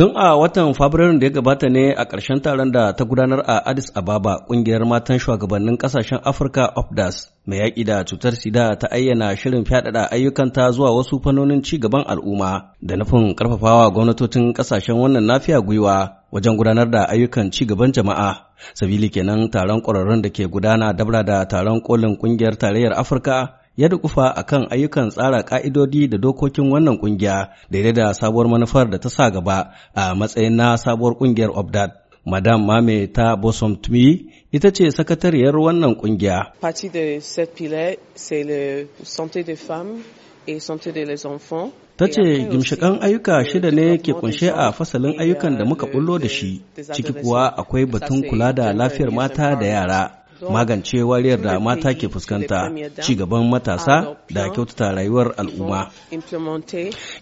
Tun a watan Fabrairun da ya gabata ne a ƙarshen taron da ta gudanar a Addis Ababa ƙungiyar matan shugabannin ƙasashen Afirka OFDAS mai yaƙi da cutar sida ta ayyana shirin fyaɗaɗa ayyukanta zuwa wasu fannonin ci gaban al'umma da nufin ƙarfafawa gwamnatocin ƙasashen wannan nafiya gwiwa wajen gudanar da ayyukan ci gaban jama'a. Sabili kenan taron ƙwararrun da ke gudana dabra da taron ƙolin ƙungiyar tarayyar Afirka ya dukufa a kan ayyukan tsara ka'idodi da dokokin wannan kungiya daidai da sabuwar manufar da ta sa gaba a matsayin na sabuwar kungiyar obdad madam mame ta bosom tumi ita ce sakatariyar wannan kungiya parti de cette pile c'est le santé des femmes et santé des les enfants ta ce gimshikan ayyuka shida ne ke kunshe a fasalin ayyukan da euh, muka bullo da shi ciki kuwa akwai batun kula da lafiyar mata da yara magance wariyar da mata ke fuskanta ci gaban matasa da kyautata rayuwar al'umma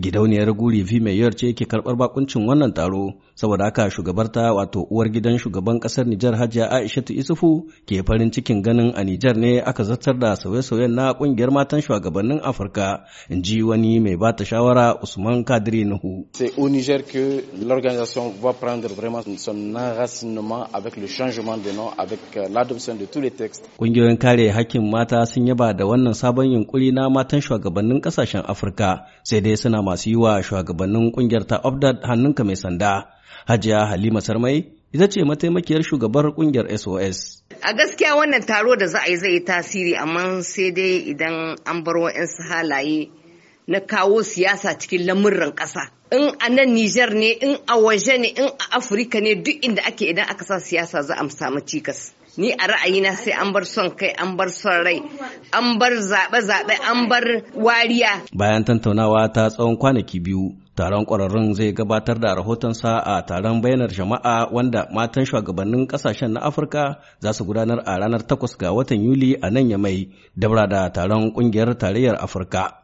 gidauniyar guri mai yawar ce ke karɓar bakuncin wannan taro saboda haka shugabarta wato uwar gidan shugaban ƙasar nijar hajiya aishatu isufu ke farin cikin ganin a nijar ne aka zartar da sauye-sauyen na ƙungiyar matan shugabannin afirka in ji wani mai bata shawara usman kadiri nuhu l'organisation va prendre vraiment son enracinement de tous les textes. kare hakkin mata sun yaba da wannan sabon yunkuri na matan shugabannin ƙasashen Afirka sai dai suna masu yi wa shugabannin ƙungiyar ta Obdad hannunka mai sanda. Hajiya Halima Sarmai ita ce mataimakiyar shugabar ƙungiyar SOS. A gaskiya wannan taro da za a yi zai yi tasiri amma sai dai idan an bar 'yan su halaye na kawo siyasa cikin lamurran ƙasa. In a nan Nijar ne, in a waje ne, in a Afirka ne duk inda ake idan aka sa siyasa za a samu cikas. Ni a ra'ayina sai an bar son kai, an bar son rai, an bar zaɓe-zaɓe, an bar wariya. Bayan tantaunawa ta tsawon kwanaki biyu, taron ƙwararrun zai gabatar da rahotonsa a taron bayanar jama'a wanda matan shugabannin ƙasashen na afirka za su gudanar a ranar takwas ga watan yuli a nan yamai dabra da taron ƙungiyar tarayyar afirka